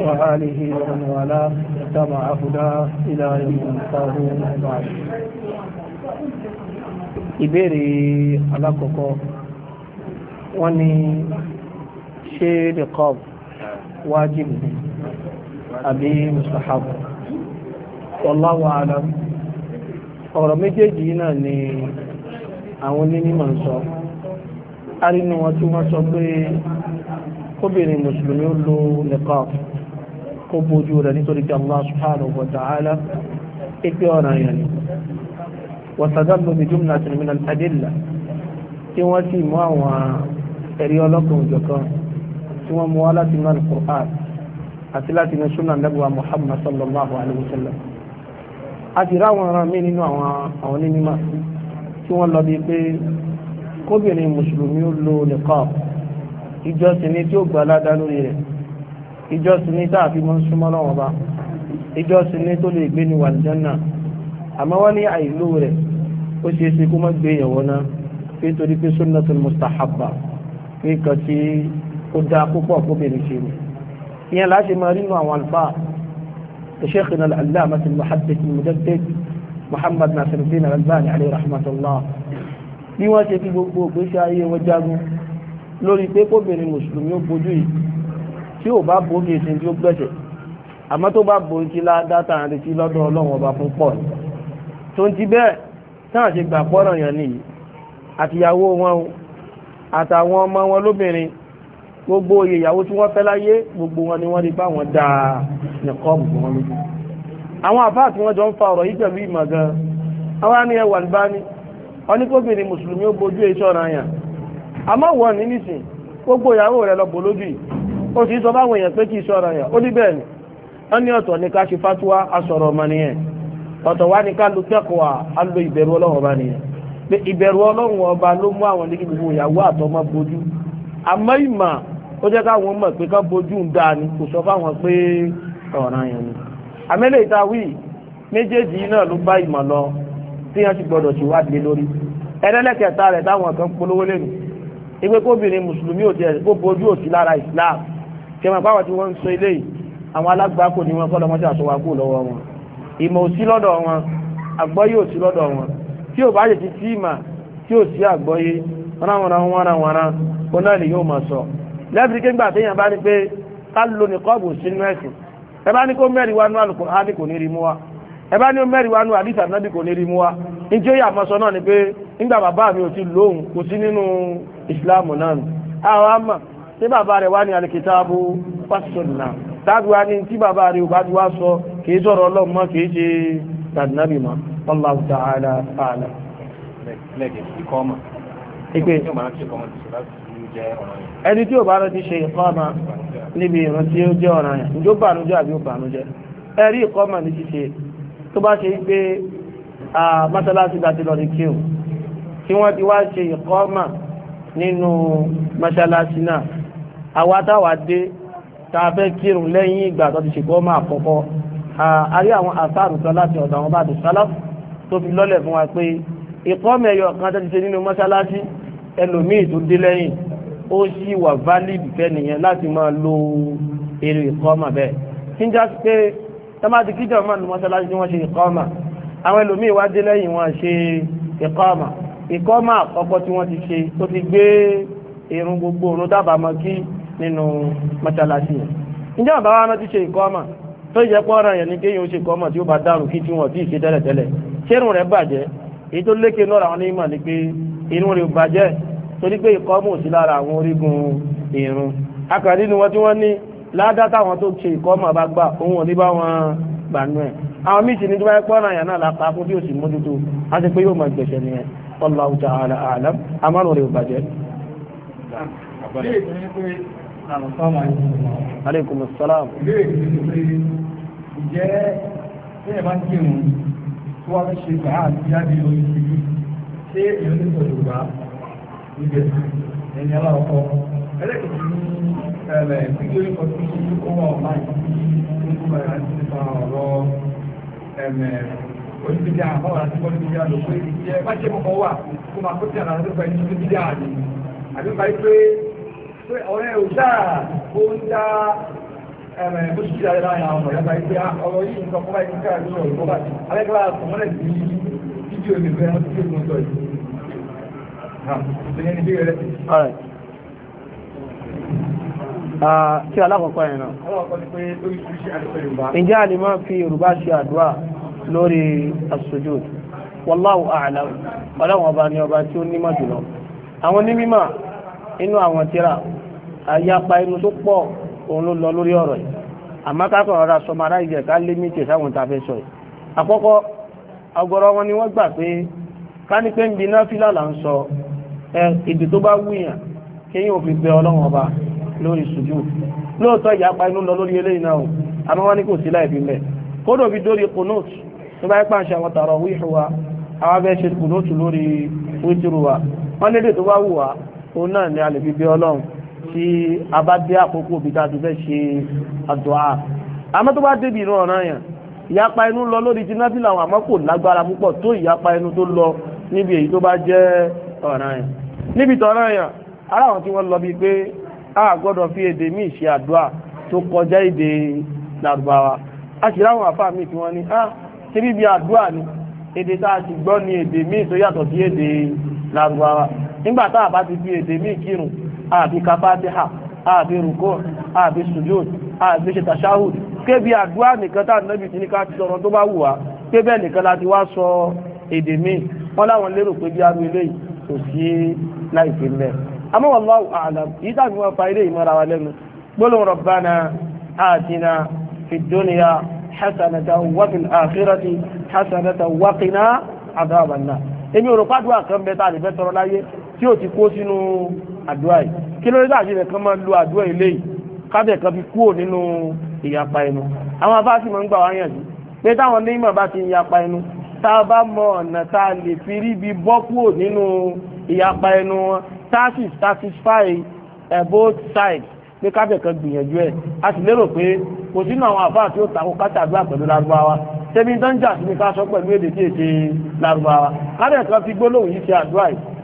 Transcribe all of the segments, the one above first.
وآله ومن والاه اتبع هداه إلى يوم القيامة بعد ìbéèrè alákọ̀ọ́kọ́ wọ́n ní ṣé riqab wájib àbí mustahab wallahu a'lam ọ̀rọ̀ méjèèjì náà ni àwọn onímọ̀ ń sọ arínú wọn tí wọ́n sọ pé kóbìnrin mùsùlùmí ó lo niqab kó bójú rẹ̀ nítorí pé Allah subhanahu wa ta'ala pípẹ́ ọ̀nà yẹn ni wàtàdàlù bí jùmùnà tí nìmínà àdìlà tí wọ́n sì mú àwọn ẹ̀rí ọlọ́kùnrin òjọ̀kan tí wọ́n mú wá láti náà Qur'an àti láti ní súnà nàbùwà Muhammad sallallahu alayhi wa sallam a ti rá àwọn ọ̀ràn mí nínú àwọn onímọ̀ tí wọ́n lọ bíi pé kóbìnrin mùsùlùmí ó lo nìkan ìjọsìn ni tí ó gbà ládàá lórí rẹ̀ ìjọsìn ní tá a fi máa ń súnmọ́ lọ́wọ́ bá ìjọsìn ní tó lè gbé ní wàlìjánà àmọ́ wọ́n ní àìlò rẹ̀ ó ṣe é ṣe kó má gbé ìyàwó náà pé torí pé sunnatul mustahabba pé kan tí ó dá púpọ̀ kóbìnrin ṣe ni ìyẹn láti máa rí nínú àwọn àlùfáà الشيخنا العلامة المحدث المجدد محمد ناصر الدين الألباني عليه رحمة الله bí wọ́n ṣe fi gbogbo ìgbésí ayé wọn jagun lórí pé kóbìnrin mùsùlùmí ó bojú yìí tí ò bá bo kìí sin tí ó gbẹ̀ṣẹ̀ àmọ́ tó bá bo kí ládàtà àrètí lọ́dọ̀ ọlọ́run ọba fún pọ̀ tó ń ti bẹ́ẹ̀ táà ṣe gbà pọ́nrọ̀ yàn nìyí àtìyàwó wọn o àtàwọn ọmọ wọn lóbìnrin gbogbo oyè ìyàwó tí wọ́n fẹ́ láyé gbogbo wọn ni wọ́n rí bá wọn dá nìkan bù wọn lójú àwọn àfáà tí wọ́n jọ ń fa ọ̀rọ̀ yìí pẹ̀lú ìmọ̀ gan àwọn ni ẹwà ní bá ní oníkóbìnrin mùsùlùmí ó bojú iṣẹ́ ọ̀ràn yàn àmọ́ wọ́n ní nísìn gbogbo ìyàwó rẹ̀ lọ lójú yìí ó sì sọ fáwọn èèyàn pé kì í sọ̀rọ̀ yẹn ó ní bẹ́ẹ̀ ni wọ́n ní ọ̀tọ̀ ní ká ṣe fatuwa asọ̀rọ̀ ọmọ nìyẹn ọ̀tọ̀ wá ní ká lu tẹ́kọ̀ọ́ á lo ìbẹ̀rù ọlọ́run ọba nìyẹn pé ìbẹ̀rù ọlọ́run ọba ló mú àwọn ní gbogbo ìyàwó àtọmọ bojú àmọ́ ìmọ̀ ó jẹ́ káwọn mọ̀ pé ká bojú ń dáa ni kò sọ fáwọn pé ọ̀ràn yẹn ni àmẹ́lẹ̀ méjèèjì náà ló bá ìmọ̀ lọ tí wọ́n ti gbọ́dọ̀ lórí kẹmà báwọn tí wọ́n ń sọ ilé àwọn alágbàákò ní wọn kọ́lọmọ́ sí àṣọwà kú lọ́wọ́ wọn ìmọ̀ ò sí lọ́dọ̀ wọn àgbọ́yé ò sí lọ́dọ̀ wọn tí ò bá yẹ ti tí ìmà tí ò sí àgbọ́yé wọnàwọnà wọnàwọnà ó náà ni yóò máa sọ lẹ́bìrì kéńgbà téèyàn bá ní pé ká ló ní kọ́ọ̀bù sínú ẹ̀sìn ẹ bá ní kó mẹ́rin wá nú Al-Qur'ani kò ní rí mú wa ẹ bá ní mẹ́rin wá nú àdìsí ànábì kò ní rí mú wa níjẹ́ yà máa náà ni pé nígbà bàbá mi ò ti lóhùn kò sí nínú ìsìláàmù náà àwọn àmà tí bàbá rẹ̀ wá ní alìkìtàbù pàṣọ̀nà dágbà ní tí bàbá rẹ̀ ò bá ti wá sọ kìí sọ̀rọ̀ ọlọ́run kìí ṣe tàdínàbì mọ́ Allahu ta'ala ta'ala. ẹni tí ò bá rántí ṣe ìkọ́mà níbi ìran tí ó jẹ́ ọ̀ràn yẹn ǹjọ́ bànújẹ́ àbí ò bànújẹ́ ẹ̀rí ìkọ́mà ní ṣíṣe tó bá ṣe pé mọ́sálásí bá lọ ní kíun tí wọ́n ti wá ṣe ìkọ́mà nínú mọ́sálásí náà àwa táwa dé tá a fẹ́ kírun lẹ́yìn ìgbà tó ti ṣègbọ́ máa kọ́kọ́ àárí àwọn àfáàrù kan láti ọ̀dọ̀ àwọn bàbá sálaf tó fi lọ́lẹ̀ fún wa pé ìkọ́mẹ̀ ẹ̀yọ̀ kan tó ti ṣe nínú mọ́ṣáláṣí ẹlòmíì tó dé lẹ́yìn ó sì wà valid fẹ́nìyẹn láti máa lo èrè ìkọ́mà bẹ́ẹ̀ kíjà pé tọ́mátì kíjà máa lu mọ́ṣáláṣí tí wọ́n ṣe ìkọ́mà àwọn ẹlòmíì wá dé lẹ́yìn wọn ṣe ìkọ́mà ìkọ́mà àkọ́kọ́ tí wọ́n ti ṣe tó ti gbé irun gbogbo òun dábàá mọ́ kí nínú mọ́ṣáláṣí yẹn ǹjẹ́ bàbá wa náà ti ṣe ìkọ́ ọmọ tó yẹ pọ́ ọ̀ràn yẹn ni kéèyàn ó ṣe ìkọ́ ọmọ tí ó bá dàrú kí tí wọ́n ti ṣe tẹ́lẹ̀tẹ́lẹ̀ ṣérùn rẹ̀ bàjẹ́ èyí tó lékè lọ́ra àwọn onímọ̀ ni pé irun rẹ̀ bàjẹ́ torí pé ìkọ́ mọ̀ sí lára àwọn orígun irun akàdé ni wọ́n tí wọ́n ní ládá táwọn tó ṣe ìkọ́ ọmọ bá gbà òun ò ní bá wọn gbànú ẹ̀ àwọn míì sì ní tó bá yẹ pọ́ ọ̀ràn yẹn náà lápá fún tí ó sì mójútó aleykum salaam. ìbéèrè mi ni pé ǹjẹ́ bẹ́ẹ̀ bá ń kírun tí wọ́n fi ṣe bàá àti jáde lórí ìlú ṣé èèyàn ní sọ̀rọ̀ gbà níbẹ̀ ẹni aláwọ̀ ẹlẹ́kẹ̀ẹ́ ní ẹ̀rẹ̀ fídíò ọtí owó ọ̀la yìí tó ń kúrò ẹ̀ láti nípa ọ̀rọ̀ ẹ̀mẹ̀ oníbíjà àbáwọ̀ àti oníbíjà lò pé ìjẹ́ bá ṣe kọ̀kọ́ ọ̀rẹ́ òjá ó ń dá ẹ̀rẹ̀ bóṣìṣì dáadáa láàrin àwọn ọ̀rẹ́ bá ìgbé ah, ọ̀rọ̀ yìí nǹkan fún báyìí níkà ní ọ̀rọ̀ bọ́bá alẹ́gbẹ́lá àtọ̀mọ́lẹ̀ sí fídíò lè fẹ́ rántí sí Kí alákọ̀ọ́kọ́ yẹn Alákọ̀ọ́kọ́ ni pé lóríṣiríṣi àdúgbò fi Yorùbá ṣe àdúrà lórí as-sujud? Wallahu a'lam. ọba ni ọba tí ó nímọ̀ jùlọ. Àwọn onímọ̀ inú àwọn tíra àyapa inú tó pọ̀ òun ló lọ lórí ọ̀rọ̀ yìí àmọ́ kákan ọ̀rọ̀ sọmara ìjẹ̀ ká lé méjì sáwọn tá a fẹ́ sọ yìí àkọ́kọ́ ọ̀gọ̀rọ̀ wọn ni wọ́n gbà pé ká ní pé ń bi náfìlà là ń sọ ẹ ìdí tó bá wúyàn kéyìn ò fi bẹ ọlọ́run ọba lórí sùjú lóòótọ́ ìyapa inú lọ lórí eléyìí náà àmọ́ wọn ní kò sí láì fi mẹ́ kódò fi dórí kùnúùtù tó bá wù wá òun náà ni a lè fi bẹ ọlọ́run tí a bá dé àkókò bí ká ti fẹ́ ṣe àdúà àmọ́ tó bá débi ìran ọ̀ràn yẹn ìyapa ẹnu lọ lórí ti náfìlà àwọn àmọ́ kò lágbára púpọ̀ tó ìyapa ẹnu tó lọ níbi èyí tó bá jẹ́ ọ̀ràn yẹn níbi tọ̀ràn yẹn ara àwọn tí wọ́n lọ bíi pé a gbọ́dọ̀ fi èdè míì ṣe àdúà tó kọjá èdè lárúbáwá a sì ráwọn àfáà míì tí wọ́n ní a ah, ṣe bíbi àdúà ni èdè tá a ti gbọ́ ni èdè míì tó yàtọ̀ sí èdè lárúbáwá nígbà tá a bá ti fi èdè míì kírun àbí kafatiha àbí rukú àbí sujud àbí ṣe tashahud kébi àdúrà nìkan tá ànábì tí ní ká ti sọ̀rọ̀ tó bá wù wá pé bẹ́ẹ̀ nìkan láti wá sọ èdè míì wọ́n láwọn lérò pé bí arú ilé kò sí láìpé mẹ́ àmọ́ wallahu a'lam yìí tàbí wọn fa ilé ìmọ̀ra wa lẹ́nu gbólóhùn rabbana atina fid dunya hasanatan wa fil akhirati hasanatan wa qina adhaban nar èmi ò rò pàdùn àkànbẹ tá a fẹ́ tọrọ láyé tí o ti kó sínú àdúrà yìí kí ló dé tàbí rẹ̀ kan máa lo àdúrà yìí léyìí kábẹ̀ kan fi kúrò nínú ìyapa ẹnu àwọn afá sì máa ń gbà wá yànjú pé táwọn onímọ̀ bá ti yapa ẹnu tá a bá mọ ọ̀nà tá a lè fi rí ibi bọ́ kúrò nínú ìyapa ẹnu wọn tá a sì satisfy eh, both sides pé kábẹ̀ kan gbìyànjú ẹ̀ a sì lérò pé kò sínú àwọn afá tí ó tako kátàdúrà pẹ̀lú lárúbáwá tẹ́bí dánjà sí ni ká sọ pẹ̀lú èdè tí èdè lárúbáwá kábẹ̀ kan fi gbólóhùn yìí ṣe àdúrà yìí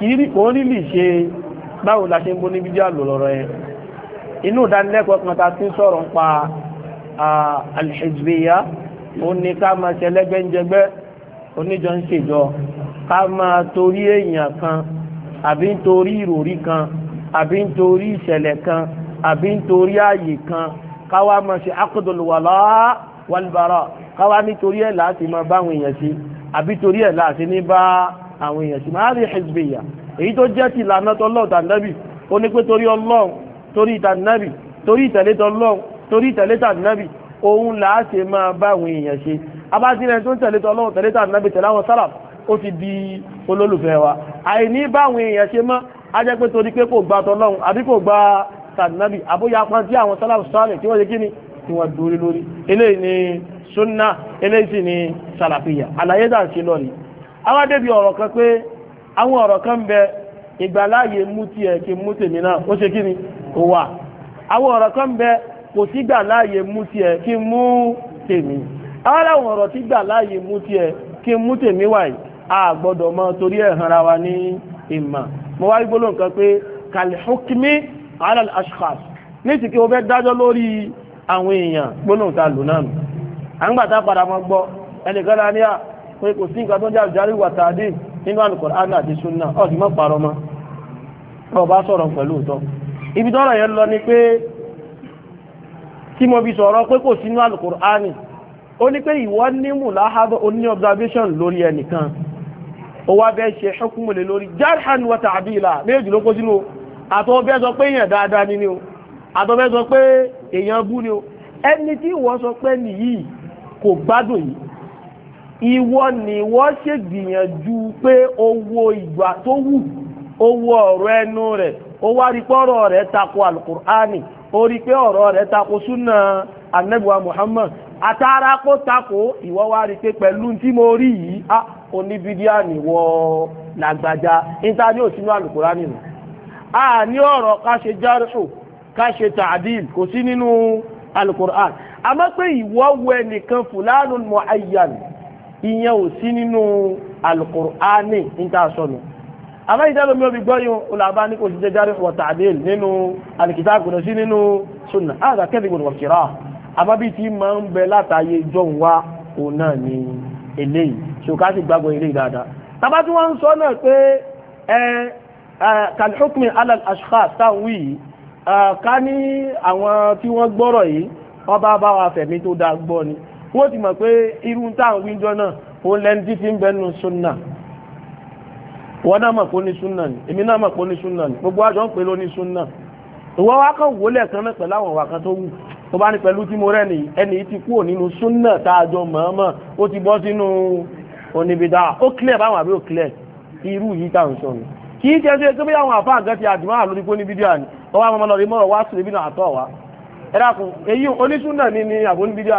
kìí kò ní lè ṣe báwo la ṣe ń bó ní bídíà lò lọ́rọ̀ yẹn inú ìdánilẹ́kọ̀ọ́ kan ta ti ń sọ̀rọ̀ ń pa alhizbiya ó ní ká máa ṣe ẹlẹ́gbẹ́ńjẹgbẹ́ oníjọ ń ṣèjọ ká máa torí èèyàn kan àbí ń torí ìròrí kan àbí ń torí ìṣẹ̀lẹ̀ kan àbí ń torí ààyè kan káwa máa ṣe aqdul wala wal bara nítorí ẹ̀ láti máa báwọn èèyàn sí àbí torí ẹ̀ láti ní bá àwọn èèyàn ṣùgbọ́n àárín hizbiyya èyí tó jẹ́ ti ìlànà tọ́lọ́ tànàbì ó ní pé torí ọlọ́run torí tànàbì torí ìtẹ̀lé tọ́lọ́run torí ìtẹ̀lé tànàbì òun là á ṣe máa bá àwọn èèyàn ṣe abájírẹ́ tó ń tẹ̀lé tọ́lọ́run tẹ̀lé tànàbì tẹ̀lé àwọn sálàf ó ti di olólùfẹ́ wa àìní bá àwọn èèyàn ṣe mọ́ á jẹ́ pé torí pé kò gba tọ́lọ́run àbí kò gba tànàbì àbóyá pa tí ni sunna eléyìí sì ni sàlàfíyà àlàyé dà ń ṣe àwọn débi ọ̀rọ̀ kan pé àwọn ọ̀rọ̀ kan ń bẹ ìgbàláyè mú tiẹ̀ kí mú tèmi náà ó ṣe kí ni ó wà àwọn ọ̀rọ̀ kan ń bẹ kò sí gbàláyè mú tiẹ̀ kí mú tèmi àwọn àwọn ọ̀rọ̀ tí gbàláyè mú tiẹ̀ kí mú tèmi wà yìí a gbọ́dọ̀ mọ torí ẹ̀ hanra wa ní ìmọ̀ mo wá gbólóhùn kan pé kàlẹ́hùkímí alal ashkhas ní ti kí o fẹ́ dájọ́ lórí àwọn èèyàn gbólóhùn ta lò náà nù à padà mọ gbọ́ ẹnìkan náà ní à pé kò sí nǹkan tó ń jáde jáde wà tàdé nínú Al-Qur'an àti sunna ọ̀sì mọ́ parọ́ mọ́ ọba sọ̀rọ̀ pẹ̀lú òótọ́ ibi tọ́rọ̀ yẹn lọ ni pé tí mo fi sọ̀rọ̀ pé kò sínú Al-Qur'an ó ní pé ìwọ ní mùláhàbọ̀ ó ní observation lórí ẹnìkan ó wá bẹ́ẹ̀ ṣe hukumu lè lórí jarhan wa ta'dila méjì ló kó sínú àtọ́ bẹ́ẹ̀ sọ pé èèyàn dáadáa ní ni o àtọ́ bẹ́ẹ̀ sọ pé èèyàn bú ni o ẹni tí ìwọ sọ pé nìyí kò gbádùn yìí ìwọ ni wọ́n ṣe gbìyànjú pé owó ìgbà tó wù owó ọ̀rọ̀ ẹnu rẹ̀ ó wá rí pé ọ̀rọ̀ rẹ̀ tako alukur'ani ó rí pé ọ̀rọ̀ rẹ̀ tako súnà anabiwa muhammad àtàrà kó tako ìwọ wá rí pé pẹ̀lú tí mo rí yìí a oníbídíà nìwọ làgbàjá níta ní òsínú alukur'ani rẹ̀ a ní ọ̀rọ̀ ká ṣe járùsù ká ṣe tàdíl kò sí nínú alukur'an àmọ́ pé ìwọ wẹ nìkan fúlánù muayyan ìyẹn ò sí nínú alukur'ani níta sọnù àmọ́ ìdájọ́ mi ò fi gbọ́ olàbá ní kò sí jẹjáre wa ta'dil nínú alikita kò sí nínú sunna àgbà kadhibun wa kira àmọ́ bí ti máa ń bẹ látàyè jọ̀hún wa òun náà ni eléyìí ṣòkà sì gbàgbọ́ eléyìí dáadáa tabati wọn sọ náà pé ẹ kàlíhùkùmí alal ashkhas táwọn ká ní àwọn tí wọ́n gbọ́rọ̀ yìí wọ́n bá bá wa fẹ̀mí tó dáa gbọ́ ni wọ́n ti mọ̀ pé irú táwọn wíjọ náà ó lẹ́ni títí ń bẹnu súnà wọ́n náà mọ̀ pé ó ní súnà ni èmi náà mọ̀ pé ó ní súnà ni gbogbo àjọ ń pè ló ní súnà ìwọ́n wá kàn wó lẹ́ẹ̀kan náà pẹ̀lú àwọn wàkan tó wù tó bá ní pẹ̀lú tí mo rẹ̀ nìyí ẹni ti kúrò nínú súnà tá a jọ mọ̀ọ́mọ̀ ó ti bọ́ sínú oníbidà ó clear báwọn àbí ó clear irú yìí táwọn sọ ni kì í ṣe ṣe tó bí àwọn àfáà gan ti àdìmọ́ àlórí pé oníbidà ni ọwọ́ àwọn ọmọ lọ́ọ́ rí mọ́rọ̀ wá sí ibi náà àtọ̀ wá ẹ dákun èyí onísúnà ni ni àbóníbidà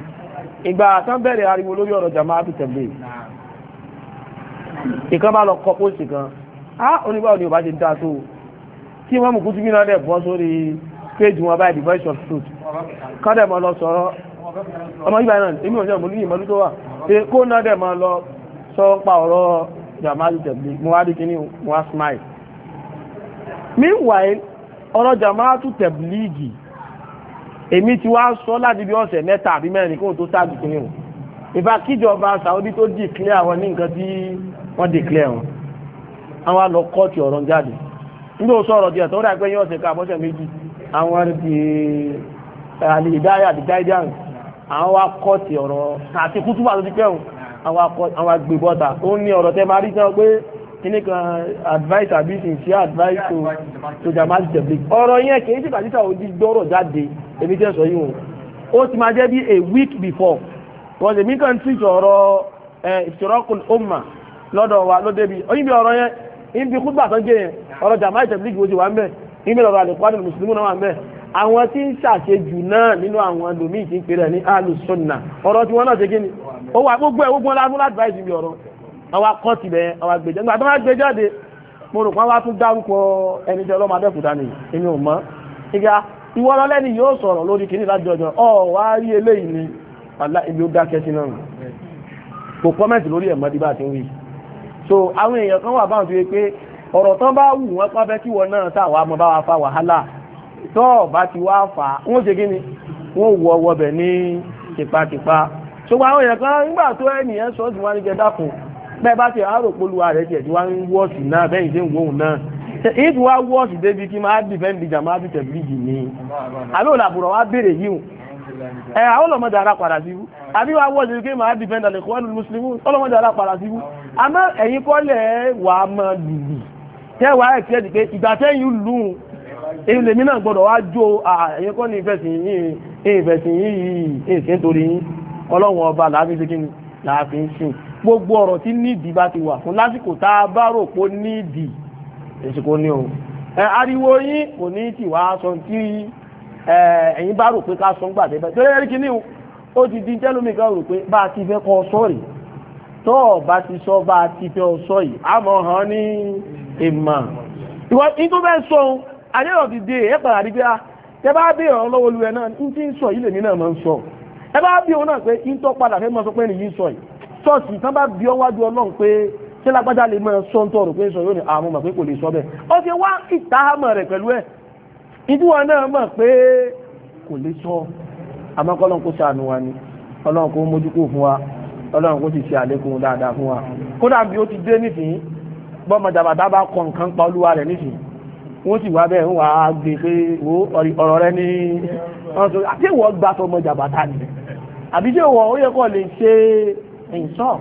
ìgbà àtàn bẹ̀rẹ̀ ariwo lórí ọ̀rọ̀ Jama'atu Tabligh ìkan bá lọ kọ pósì kan á onígbà òní ọba ti dá tó tí wọ́n mú kú tí mìíràn dẹ̀ bọ́ sórí péjì wọn báyìí the voice of truth kọ́dẹ̀ mọ́ lọ sọ̀rọ̀ ọmọ yìí báyìí náà èmi ò ní ọmọ níyìn mọ́lú tó wà kó náà dẹ̀ mọ́ lọ sọ pa ọ̀rọ̀ Jama'atu Tabligh mo wá dé kíní mo wá smile meanwhile ọ̀rọ̀ Jama'atu Tabligh èmi ti wá sọ láti bí ọ̀sẹ̀ mẹ́ta àbí mẹ́rin kóhùn tó sáàbì kí ni ìfà kíjọba Saudi tó dìklẹ́ àwọn ní nǹkan tí wọ́n dìklẹ́ wọn àwọn lọ kọ́ọ̀tì ọ̀rọ̀ jáde nígbà ó sọ̀rọ̀ díẹ̀ tó rà pé yín ọ̀sẹ̀ ká àbọ̀sẹ̀ méjì àwọn ti àlìdáyà eh, àti guidance àwọn wá kọ́ọ̀tì ọ̀rọ̀ àti kútùbà tó ti pẹ́ wọn àwọn agbèbọ́ta ó ní ọ̀rọ̀ tẹ́ máa rí sọ pé kíní kan advice àbí sincere advice to to jamaic public ọ̀rọ̀ yẹn kì í sì kàdísà òdi gbọ́rọ̀ jáde èmi tẹ́ sọ yìí o ó ti máa jẹ́ bí a week before wọ́n ṣe mí kàn tí ìṣòro ìṣòrọ́kùn ọmọ lọ́dọ̀ wa ló débi oyin bí ọ̀rọ̀ yẹn ibi kúgbà tó gé yẹn ọ̀rọ̀ jamaic public wo ti wà ń bẹ̀ ibi lọ́rọ̀ àlèkùn mùsùlùmí náà wà ń bẹ̀ àwọn tí ń ṣàṣejù náà nínú àwọn ẹlòmíì tí ń pèrè ní alùsùnà ọ̀rọ̀ tí wọ́n náà ṣe kí ni ó wà gbogbo ẹ̀ gbogbo ọlá fún advice ibi ọ̀rọ̀ àwọn akọ́tì bẹ́ẹ̀ àwọn agbèjọ́ nígbà tó wá gbé jáde mo rò pé wá tún dárúkọ ẹni tí ọlọ́mọ abẹ́kúta nìyí èmi ò mọ̀ ìgbà ìwọ lọ́lẹ́ni yóò sọ̀rọ̀ lórí kìíní lájọjọ ọ wá rí eléyìí ni àlá ibi ó dákẹ́ sí náà kò kọ́mẹ̀tì lórí ẹ̀mọ́ bí bá ti ń rí so àwọn èèyàn kan wà báwọn tó yẹ pé ọ̀rọ̀ tán bá wù wọ́n pàfẹ́ kí wọ́n náà tàwa mọ́ bá wa fa wàhálà tó bá ti wá fà á wọ́n ṣe kíni wọ́n wọ ọwọ́ bẹ̀ ní tipátipá ṣùgbọ́n àwọn èèyàn kan nígbà tó ẹnìyàn sọ́ọ̀sì wọn ní jẹ dákun bẹ́ẹ̀ bá a àárò polúwa rẹ̀ tiẹ̀ tí wá ń wọ́ọ̀sì náà bẹ́yìn tí ń wóhùn náà if wá wọ́ọ̀sì débi kí máa dìfẹ́ ń máa dìtẹ̀ ni àbí òlàbùrọ̀ wá béèrè yìí ẹ àwọn ọlọ́mọdé ara padà sí wú àbí wá wọ́ọ̀sì kí máa dìfẹ́ ń dàlẹ̀ mùsùlùmí ọlọ́mọdé ara padà sí wú àmọ́ ẹ̀yin kọ́lẹ̀ wà á mọ lùlù tẹ́ ìgbà tẹ́yìn èyí lèmi náà gbọ́dọ̀ wá jó kọ́ gbogbo ọ̀rọ̀ tí nídìí bá ti wà fún lásìkò tá a bá rò ni ẹ ariwo yín kò ní tì wá tí bá di tẹ́lómi kan rò a ti fẹ́ kọ́ sọ́ọ̀rì tó ti sọ bá a ti fẹ́ sọ yìí àmọ́ hàn ní ìmọ̀ ìwọ ní tó sọ ohun àdéhùn ti dé ẹ̀ pàdé àdìgbé a tẹ bá béèrè náà sọ yìí lèmi náà máa sọ ẹ bá bí òun náà pé ń tọ́ padà ṣọ́ọ̀ṣì tán bá bí ọwájú ọlọ́run pé ṣé lágbájá lè máa sọ ń tọrọ pé sọ yóò ní àrùn ah, mọ̀ pé kò lè sọ bẹ́ẹ̀ ó ti wá ìtahámọ̀ rẹ̀ pẹ̀lú ẹ̀ ìdíwọ̀ náà mọ̀ pé kò lè sọ àmọ́ kọ́ ọlọ́run kó ṣàánú wa ni ọlọ́run kó mójú kó fún wa ọlọ́run kó sì ṣe àlékún dáadáa fún wa kódà bí ó ti dé nísìnyí bọ́mọ dàbàdà bá kọ nǹkan pa olúwa rẹ̀ nísìnyí wọ́n sì wá bẹ́ẹ̀ ń wá gbé pé wo ọ̀rọ̀ rẹ ní ọ̀sán àti ìwọ gbà tọmọ jàbàtà ni àbí tí ìwọ ó yẹ kọ́ lè ṣe ìṣọ́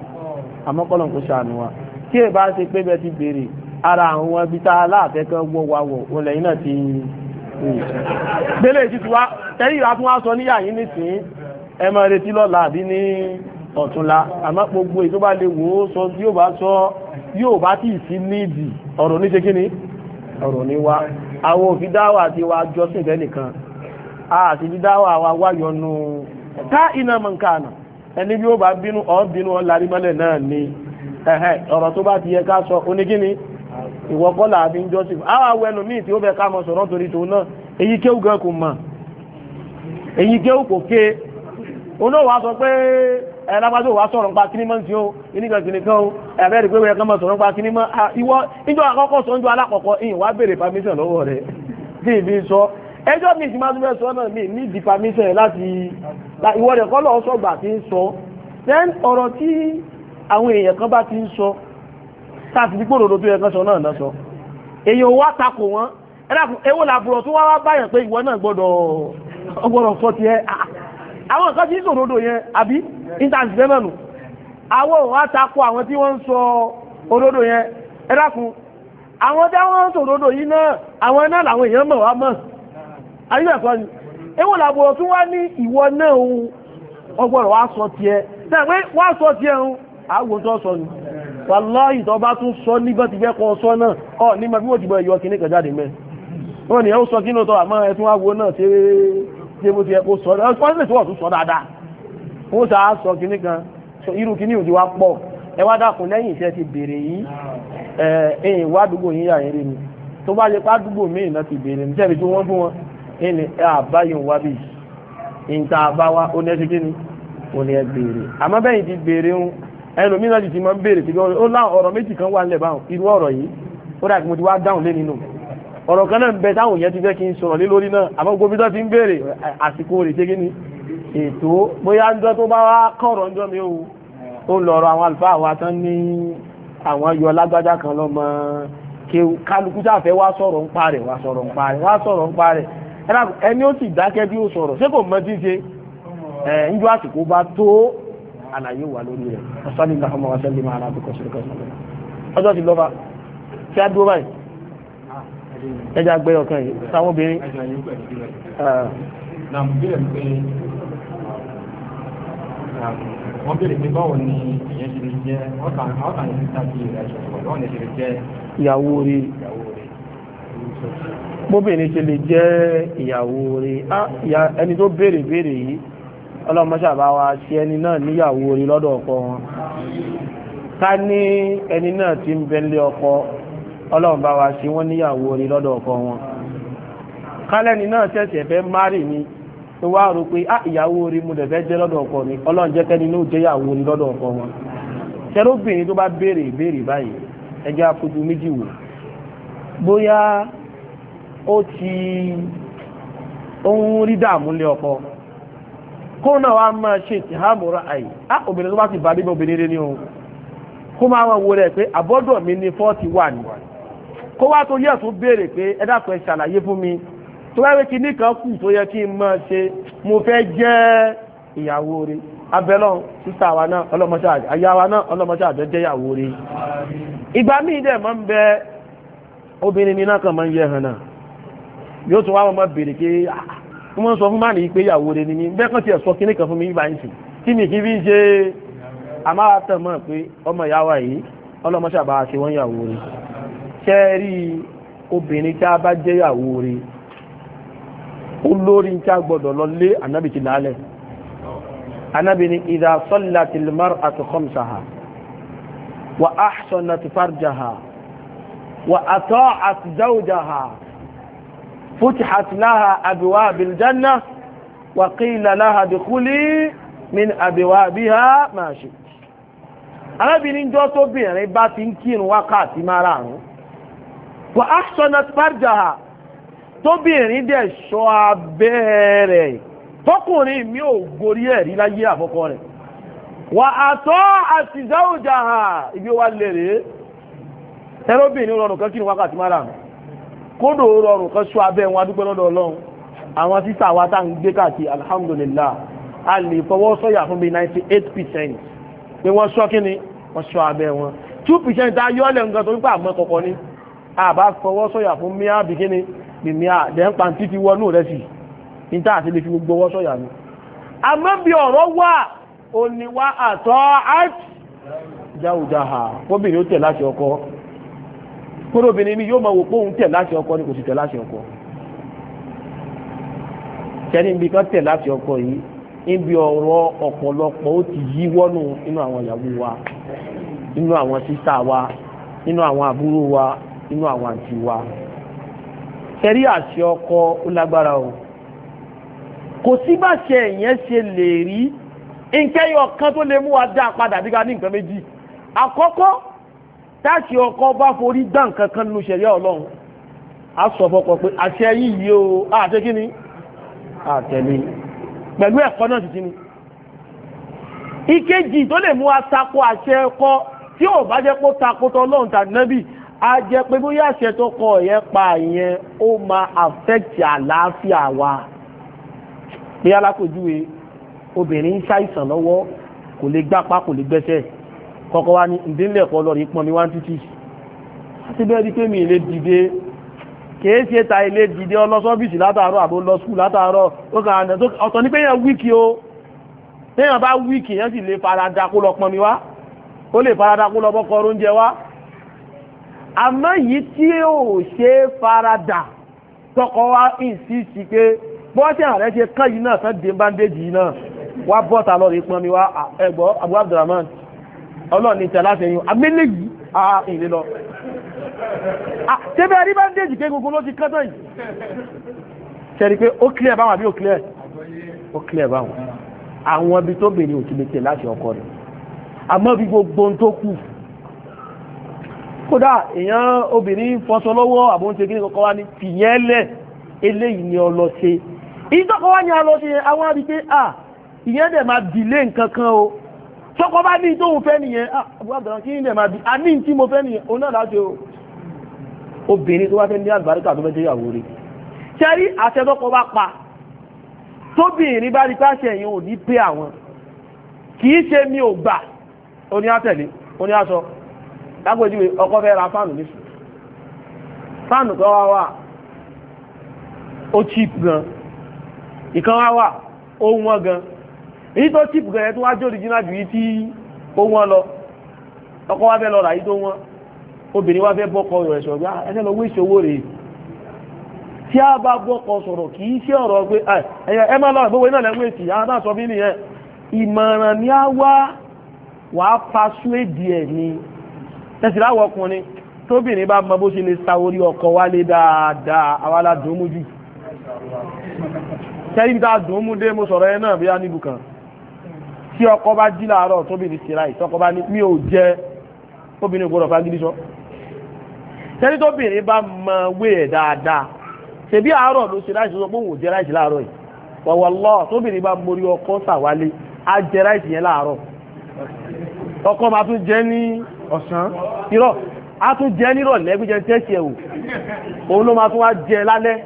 àmọ́kọ́lọ̀ kò ṣàánú wa tí è bá ṣe pé bẹ ti béèrè ara àwọn ibi tá a láàfẹ́kẹ́ wọ́ wa wọ̀ olè yìí náà ti gbélé ìtìtù wa tẹ́yìn ìwà tún wá sọ níyà yìí nìsín ẹ máa retí lọ́la àbí ní ọ̀túnla àmọ́ gbogbo èyí bá lè wò ó sọ yóò bá sọ yóò bá ọ̀rọ̀ ní ṣe kí ni ọ̀rọ̀ ní wa àwọn òfin dáwà àti wa jọ́sìn tẹ́nìkan àti dídáwà wa wáyọnu ká iná mọ̀nkánà ẹni bí ó bá bínú ọ bínú ọ̀ mọ́lẹ̀ náà ni ọ̀rọ̀ tó bá ti yẹ ká sọ onígíní ìwọ́kọ́lá àfi ń jọ́sìn àwọn awọ ẹlòmíì tí ó bẹ ká mọ sọ̀rọ̀ torí tòun náà èyí kéwù gan kò mọ̀ èyí kéwù kò ké olóòwà sọ pé sọ̀rọ̀ nípa kan rí pé sọ̀rọ̀ nípa ìwọ ìjọ alákọ̀ọ́kọ́ ìyìn wá lọ́wọ́ rẹ̀ ẹjọ́ mi ti máa tún bẹ́ẹ̀ sọ náà mi ní di permission ẹ̀ láti ìwọ rẹ̀ kọ́ lọ́ọ́ sọ̀gbà tí ń sọ then ọ̀rọ̀ tí àwọn èèyàn kan bá ti ń sọ táàtì dípò òdòdó tó yẹ kan sọ náà náà sọ èèyàn wá takò wọn ẹ̀dàkùn ewo làbúrọ̀ tó wá wá báyàn pé ìwọ náà gbọ́dọ̀ ọgbọ́dọ̀ sọ tiẹ̀ àwọn nǹkan tí ń sọ òdòdó yẹn àbí intanet fẹ́ mẹ́nu àwọn ò wá takò àwọn tí wọ́n ń sọ òdòdó yẹn ẹ̀dàkùn àwọn tí wọ́n ń sọ òdòdó yìí náà àwọn náà làwọn èèyàn mọ̀ wá mọ̀ àríwẹ̀kọ́ ni ewò làbọ̀rọ̀ tún wá ní ìwọ náà ohun ọgbọ̀rọ̀ wá sọ ti ẹ tẹ́gbé wá sọ ti ẹ ohun àwòtọ́ sọ ni wàláyì tó bá tún sọ níbẹ̀ ti fẹ́ kọ́ sọ náà ọ ní mọ̀ bí wọ́n ti bọ̀ ẹ̀yọ kìíní kẹjáde mẹ́ wọ́n ni ẹ ó sọ kí lóòótọ́ àmọ́ ẹ tún wá wo náà ṣe bó ti ẹ kó sọ ẹ wọ́n sì tó wọ̀ tún sọ dáadáa wọ́n sà sọ kìíní kan irú kìíní ò ti wá pọ̀ ẹ wá dákun lẹ́yìn iṣẹ́ ti bèrè yìí ẹ̀ ẹ̀yìn wá àdúgbò yín tó wọ́n fún wọn ẹni àbáyùn wá bí ìta àbáwá ó ní ẹṣẹ́kí ni ó ní ẹ béèrè àmọ́ bẹ́yìn ti béèrè ń ẹlòmíràn ti ti máa ń béèrè sí ó láwọn ọ̀rọ̀ méjì kan wà nílẹ̀ báwọn irú ọ̀rọ̀ yìí ó dà kí mo ti wá dáhùn lé nínú ọ̀rọ̀ kan náà ń bẹ táwọn yẹn ti fẹ́ kí n sọ̀rọ̀ lé lórí náà àmọ́ gbogbo tó ti ń béèrè àsìkò rẹ̀ ṣe kí ni ètò bóyá ń jọ tó bá wá kọ̀rọ̀ ń jọ mi o ó ń lọ̀rọ̀ àwọn àlùfáà wa tán ní àwọn yọ lágbájá kan lọ́mọ kálukú sáfẹ́ wá sọ̀rọ̀ ń parẹ̀ wá sọ̀rọ̀ ń parẹ̀ wá sọ̀rọ̀ ń parẹ̀ ẹni ó sì dákẹ́ bí ó sọ̀rọ̀ ṣé kò mọ tí ṣe ẹ̀ ń jọ àsìkò bá tó àlàyé wà lórí rẹ̀ ọ̀sán ìgbà ọmọ ọ̀sán lè máa ra bí kọ̀ṣẹ́ kọ̀ṣẹ́ ọjọ́ ti lọ́ba tí a dúró báyìí ẹja gbé ọkàn yìí sáwọn obìnrin. wọ́n béèrè pé báwo ni ìyẹn ṣe lè jẹ́ ọ̀tàn ọ̀tàn ìṣẹ́ta bíi ìrẹsì ọ̀gbọ̀n báwo ni ṣe ìyàwó bóbìnrin ṣe lè jẹ́ ìyàwó rí ẹni tó yìí bá wa ṣe ẹni náà níyàwó rí lọ́dọ̀ wọn ká ní ẹni náà ti ń ọkọ ọlọ́run bá ṣe wọ́n níyàwó wọn náà fẹ́ márì ni tó wá rò pé á ah, ìyàwó rí mu dẹ̀fẹ́ jẹ́ mi ọlọ́run jẹ́ kẹ́ni náà ó ti ohun rí dààmú lé ọkọ kó náà wá máa ṣe ìtìhámùra àyè á obìnrin tó bá ti bá níbi obìnrin rẹ ní ohun kó máa wo rẹ pé àbọ́dọ̀ mi ni fọ́ọ̀tì wà ní kó wá tó yẹ̀ tó béèrè pé ẹ dákun ẹ ṣàlàyé mi tó wáyé kí ní kan kù tó yẹ kí n máa ṣe mo fẹ́ jẹ́ ìyàwó rẹ̀ abẹ́lọ́ sísá wa náà ọlọ́mọṣẹ́ àyà wa náà ọlọ́mọṣẹ́ àjọ jẹ́ ìyàwó ìgbà míì dẹ̀ máa ń bẹ obìnrin mi náà máa ń yẹ yóò tún wá ọmọ bèrè pé wọ́n ah, ah, mọ̀ sọ fún máàlì pé ìyàwó rẹ̀ ni bẹ́ẹ̀ kàn ti ẹ̀sọ́ kíní kan fún mi bá ń sìn kí ni kí fi ń ṣe amáratàn mọ̀ pé ọmọ ìyáwá yìí ọlọ́mọṣàbá ṣe wọ́n yàwó rẹ̀ ṣe rí obìnrin tí a bá jẹ́ yàwó rẹ̀ olórin tí a gbọ́dọ̀ lọ lé ànábì ti lálẹ̀ ànábì ni idha sallatil mar'atu khamsaha wa ahsanat farjaha wa ata'at zawjaha فتحت لها أبواب الجنة وقيل لها دخلي من أبوابها ما شئت arábìnrin jọ tó bìnrin bá ti ń kírun wákàtí márààrún wà á ṣọ́nà fàájàá tóbìnrin dẹ̀ ṣọ́ abẹ́ rẹ̀ tọkùnrin mi ò gorí ẹ̀rí láyé àkọ́kọ́ rẹ̀ wà á tọ́ àtìzáòjà ibi wa lè rèé ẹrọ́bìnrin rọrùn kan kírun wákàtí márààrún kódò rọrùn kan ṣọ abẹ́ wọn adúpẹ́ lọ́dọ̀ ọlọ́run àwọn sísà wa tá à ń gbé káàkiri alhamdulillah a lè fọwọ́ sọ̀yà fún bíi ninety eight percent pé wọ́n ṣọ́ kíni wọ́n ṣọ́ abẹ́ wọn two percent tá a yọ ọ́lẹ̀ nǹkan tó ń pa àmọ́ kọ̀ọ̀kan ni àbá fọwọ́ sọ̀yà fún míà bí kíni bí míà dẹ́n pàǹtí ti wọnú rẹ̀ sí níta àti lè fi gbogbo ọwọ́ sọ̀yà mi. àmọ́ bí ọ̀rọ̀ wà òní wa àtọ́ àti jáwùjáhà kóbìnrin ó tẹ̀ láti ọkọ kóró obìnrin mi yóò máa wò pé òun tẹ̀ láti ọkọ ni kò sì tẹ̀ láti ọkọ sẹ́ni ibi kan tẹ̀ láti ọkọ yìí níbi ọ̀rọ̀ ọ̀pọ̀lọpọ̀ ó ti yí wọ́nù nínú àwọn ìyàwó wa nínú àwọn sísá wa nínú àwọn àbúrò wa nínú àwọn àǹtí wa sẹ́rí àṣẹ ọkọ ó lágbára o kò sí bá ṣe ẹ̀yẹn ṣe lè rí nkẹ́yọ̀ kan tó lè mú wa dá padà bí ká ní nǹkan méjì àkọ́kọ́ táàkì ọkọ bá forí gbá nǹkan kan nínú ṣẹ̀ríà ọlọ́run a sọ fọ́pọ̀ pé àṣẹ yìí yìí o àṣẹ kí ni àtẹ̀lé e. pẹ̀lú ẹ̀kọ́ náà títí ni ìkejì tó lè mú wa tako àṣẹ ẹ̀kọ́ tí ò bá jẹ́ pé tako tọ́ ọlọ́run tàbí nábì a jẹ́ pé bóyá àṣẹ tó kọ ìyẹn pa ìyẹn ó máa affect àlàáfíà wa bí alákòjúwe obìnrin ń ṣàìsàn lọ́wọ́ kò lè gbápá kò lè gbẹ́sẹ̀ kọ́kọ́ wá ní ìdílé ẹ̀kọ́ lọ́rí pọn mi wá ń títí àti bẹ́ẹ̀ rí pé mi ilé dìde kìí ṣe ta ilé dìde ọlọ́sọ́bìsì látàárọ̀ àbó lọ skúl látàárọ̀ ọ̀tọ̀ ní pé yẹn wíkì o téèyàn bá wíkì yẹn sì lè farada kó lọ pọn mi wá ó lè farada kó lọ bọ́kọ oúnjẹ wá àmọ́ yìí tí ò ṣe farada ọlọ́ọ̀ni tẹ̀ láti ẹ̀yìn amẹ́lẹ́ yìí a ìlé lọ tẹ́bẹ̀ rí bandage ké gbogbo ló ti kán tán yìí ṣẹ́ni pé ó clear báwọn àbí ó clear ó clear báwọn àwọn ibi tó bèèrè òtún lè tẹ̀ láti ọkọ rẹ̀ àmọ́ bí gbogbo tó kù kódà èèyàn obìnrin fọṣọ lọ́wọ́ àbóńṣe kí ni kọ́kọ́ wá ní fìyẹn lẹ̀ ni ọ lọ ṣe ìjọkọ̀ wá ní a lọ ṣe àwọn àbí pé à ìyẹn dẹ̀ máa dìlé nǹkan kan o tọ́kọ bá ní tóun fẹ́ nìyẹn àbúrò ah, àbúrò kí ní ẹ̀ máa bí a ní tí mo fẹ́ nìyẹn òun náà láti o obìnrin tó bá fẹ́ ní àlùbáríkà tó fẹ́ jẹ́ ìyàwó rí sẹ́rí àṣẹtọ́kọ bá pa tóbìnrin bá rí pàṣẹ yẹn ò ní pé àwọn kì í ṣe mi ò gbà oní àtẹ̀lé oní aṣọ lágbèjúwe ọkọ fẹ́ ra fáànù níṣu fáànù kan wá wà ó cheap gan ìkan wá wà ó wọ́n gan èyí tó chip gẹ̀rẹ́ tó wá jó original ju yìí tí ó wọ́n lọ ọkọ wa fẹ́ lọ rà yìí tó wọ́n obìnrin wa fẹ́ bọ́kọ rẹ̀ sọ̀rọ̀ bí ah, ẹsẹ̀ lọ wí ìṣòwò rè tí a bá bọ́kọ sọ̀rọ̀ kì í ṣe ọ̀rọ̀ pé ah, ẹ má lọ ìgbówó iná lẹ́wọ́ èsì àwọn sọ bí nìyẹn ìmọ̀ràn ni a wá wà á persuade ẹ̀ ni ẹsìn láwọ̀ ọkùnrin tóbìnrin bá mọ bó ṣe lè sa orí ọkọ wálé dáadáa àwa la dùn ún mú jù sẹ́yìn tá a dùn ún mú dé mo sọ̀rọ̀ ẹ náà bí a níbù kan tí ọkọ bá jí láàárọ̀ tóbìnrin ṣe láì tọkọ bá ní mi ò jẹ obìnrin ò gbọdọ̀ fagídí sọ tẹ́lí tóbìnrin bá mọ wé ẹ̀ dáadáa ṣèbí àárọ̀ ló ṣe láìsí sọ pé òun ò jẹ láìsí láàárọ̀ yìí wọ̀wọ̀lọ́ tóbìnrin bá mórí ọkọ sàwálé á jẹ láìsí yẹn láàárọ̀ ọkọ máa tún jẹ ní ọ̀sán irọ́ á tún jẹ nírọ̀lẹ́ gbíjẹ tẹ́sí ẹ̀ wò òun ló máa tún wá jẹ lálẹ́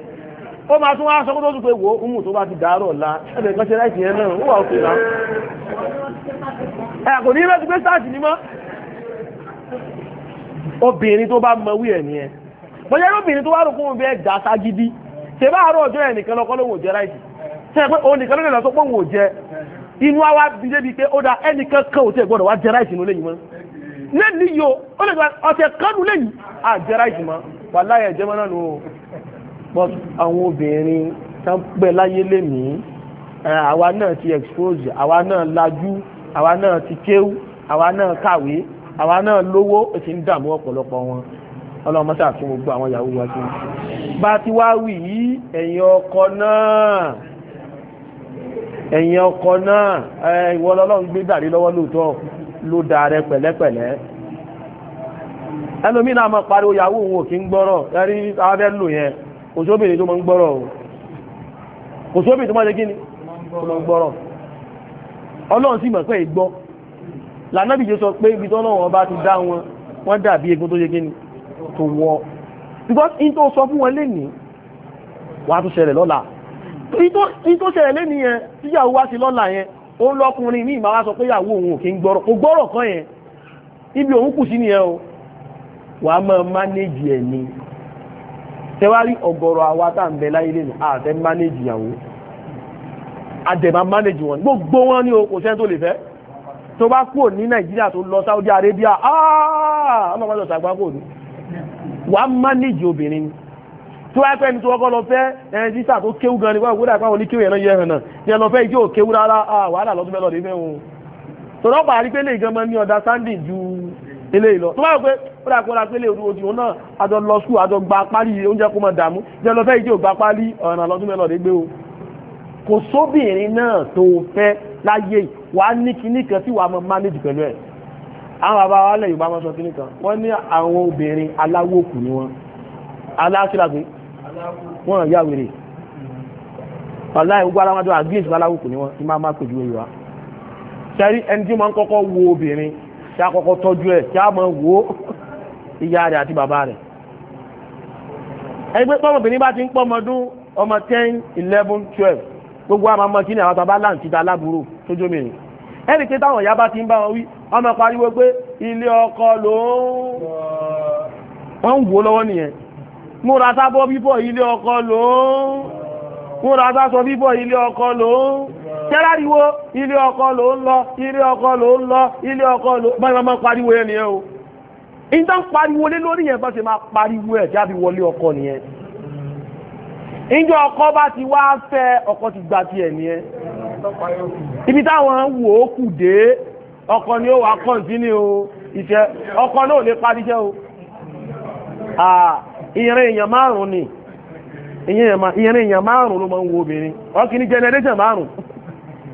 ó máa tún wá sọ kótó tún wo tó bá ti dàárọ̀ la ẹ̀bẹ̀ kan ṣe láìsí yẹn ó wà òkè náà ẹ̀ ní ilé ti sáàtì ní mọ́ obìnrin tó bá mọ wí ẹ̀ mo jẹ́ obìnrin tó wá rò fún omi ẹ̀ ságídí ṣe bá àárọ̀ ọjọ́ lọ́kọ́ ló wò jẹ́ láìsí jẹ inú wa wá bí débi pé ó da ẹnìkan kan ò gbọ́dọ̀ wá jẹ́ láìsí yìí ó gba ọ̀sẹ̀ láìsí mọ́ ẹ̀jẹ̀ mọ́ náà nù o. but àwọn obìnrin tán pẹ́ láyé lénìí àwa náà ti expose àwa náà lajú àwa náà ti kéwú àwa náà kàwé àwa náà lówó ó ti ń dààmú ọ̀pọ̀lọpọ̀ wọn ọlọ́mọ sàfihàn gbogbo àwọn ìyàwó wa sí bá ti wá wì yí ẹ̀yin ọkọ náà ẹ̀yin ọkọ náà ìwọ ọlọ́run gbé dàrí lọ́wọ́ lóòótọ́ ló da rẹ pẹ̀lẹ́pẹ̀lẹ́ ẹlòmínà máa pariwo ìyàwó òun ò kí ń gbọ́rọ̀ ẹ̀rí abẹ́ lò yẹn kò sóbìnrin tó máa ń gbọ́rọ̀ o kò sóbìnrin tó máa ń ṣe kí ni tó máa ń gbọ́rọ̀ ọlọ́run sì mọ̀ pé ìgbọ́ lànàbì yóò sọ pé ibi tó lọ́wọ́ bá ti dá wọn wọ́n dàbí egun tó ṣe kí tó wọ because in tó sọ fún wọn lénìí wàá tún ṣẹlẹ̀ lọ́la in tó ṣẹlẹ̀ lénìí yẹn tíyàwó wá sí lọ́la yẹn ó lọ́kùnrin míì máa wá sọ pé ìyàwó òun ò kí ń gbọ́rọ̀ kò gbọ́rọ̀ kan yẹn ibi òun kù sí nìyẹn o wàá máa mánéjì ẹ̀ ni tẹwárí ọ̀gọ̀rọ̀ àwa tá ń bẹ láyé lè àtẹ mánéjì ìyàwó àdẹ̀mà mánéjì wọn gbogbo wọn ní okò sẹ́ tó lè fẹ́ tó bá kúrò ní nàìjíríà tó lọ Saudi Arabia ah, ọlọ́pàá tàgbà kò ní wà á mánéjì obìnrin ni tó wá pẹ́ni tó ọkọ́ lọ fẹ́ ẹni sísà tó kéwú gan ni wọ́n wúdà pàwọn oníkéwú yẹn yẹ hàn náà ní ẹ lọ fẹ́ ìjó kéwú rárá ah, wàhálà lọ́tún ju eléyìí lọ tó bá rò pé ó dà kóra pé léèrú ojú òun náà àjọ lọ skul àjọ gba parí oúnjẹ kó mọ dààmú jẹ lọ fẹ́ ìdí ò gba parí ọ̀ràn lọ́dún mẹ́lọ̀ dé gbé o kò sóbìnrin náà tó fẹ́ láyé wàá ní kinní kan tí wàá mọ manage pẹ̀lú ẹ̀ àwọn bàbá wa lẹ̀ yorùbá máa sọ kinní kan wọ́n ní àwọn obìnrin aláwọ̀ òkú ni wọ́n aláṣíláàgbé wọ́n yà wèrè wàláì gbogbo aláwọ̀ àgbéyèsí aláwọ̀ òkú ni wọ́n ti máa má pèjú yorùbá sẹ́rí ẹni tí tí a kọ́kọ́ tọ́jú ẹ̀ tí a mọ̀ wó ìyá rẹ̀ àti bàbá rẹ̀ ẹgbẹ́ tọ́mọbìnrin bá ti ń pọ́mọdún ọmọ ten eleven twelve gbogbo àwọn ọmọ kíni àwọn bàbá láǹtí ta aláburú tójú mi ẹnì kí táwọn ìyá bá ti ń bá wí ọmọ pariwo pé ilé ọkọ ló ń wọ́n ń wò lọ́wọ́ nìyẹn múra sábọ́ bíbọ̀ ilé ọkọ ló ń múra sásọ bíbọ̀ ilé ọkọ ló ń tẹ́láriwo ilé ọkọ ló ń lọ ilé ọkọ ló ń lọ ilé ọkọ ló báyọ̀ máa pariwo ẹ nìyẹn o ìdán pariwo lé lórí yẹn bá máa pariwo wọlé ọkọ nìyẹn ìjọ ọkọ bá ti wá ọkọ ti tiẹ̀ ibi táwọn wò ó ọkọ ni ó wà o ọkọ náà ò lè parí o ìrìn èèyàn márùn-ún ni ìyẹn èèyàn márùn-ún ló máa ń wo obìnrin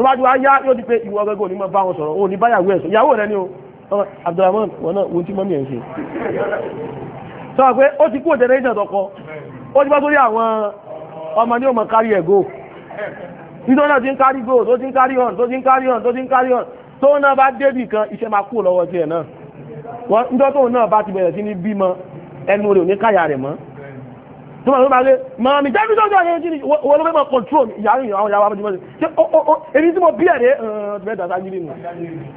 tó bá ju ayá yóò di pé ìwọ ọgọgọ onímọ̀ bá wọn sọ̀rọ̀ òní báyàwó ẹ̀sùn ìyàwó rẹ ni o Abdulrahman wọn náà tí mọ́mí ẹ̀ ń ṣe sọ pé ó ti kú ọmọ ní ọmọ kárí ẹ̀gọ́ nítorí náà ti ń kárí go tó ti ń kárí hàn tó ti ń kárí hàn tó ti ń kárí hàn tó náà bá débì kan iṣẹ́ tó máa ń bá lé máa mi jáde jọjọ yẹn jírí wọ́n ló fẹ́ máa control mi ìyá ìyàwó ìyàwó abájúmọ́ ṣe èyí tí mo bí ẹ̀rẹ́ tó fẹ́ dàsá jírí nù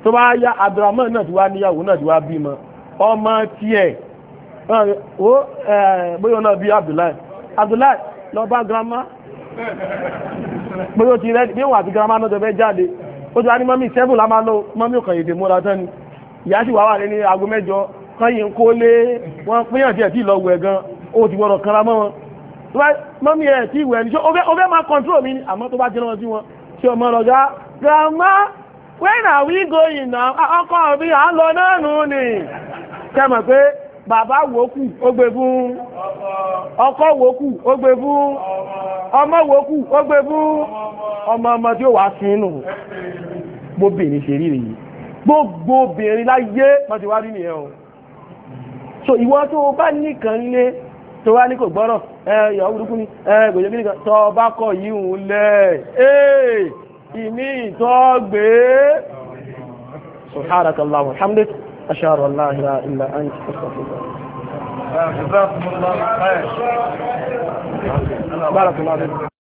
tó bá ya abdulhamid náà ti wá níyàwó náà ti wá bímọ ọmọ tiẹ̀ ó bóyá náà bí abdullahi abdullahi lọ bá grandma bóyá ti rẹ bí wọn àti grandma náà tó fẹ́ jáde ó ti wá ní mọ́mí sẹ́fù la máa lọ mọ́mí òkàn èdè múra tán ni ìyá sì wá wà ó ti gbọ́dọ̀ kanra mọ́ wọn mọ́mí ẹ̀ tí ìwẹ̀ níṣẹ́ ó máa mi ni àmọ́ tó bá jẹ́ lọ́wọ́ sí wọn ṣé ọmọ ọlọ́gá grandma when are we going now ọkọ mi à ń lọ ni bàbá wòókù ó ọkọ ọmọ wòókù ó ọmọ ọmọ tí ó sínú gbóbìnrin ṣe rí rèé gbogbo láyé wá rí nìyẹn o so tó bá nìkan tó wá ní kò gbọ́rọ̀ ẹ̀yọ̀ burúkú ni ẹ̀gbẹ̀jẹ̀ kí nìkan tọ́ bá kọ̀ yìí ń lẹ̀ ẹ̀ ìmí ìtọ́gbé سبحانك اللهم وبحمدك أشهد أن لا إله إلا أنت أستغفرك جزاكم الله خير بارك الله فيك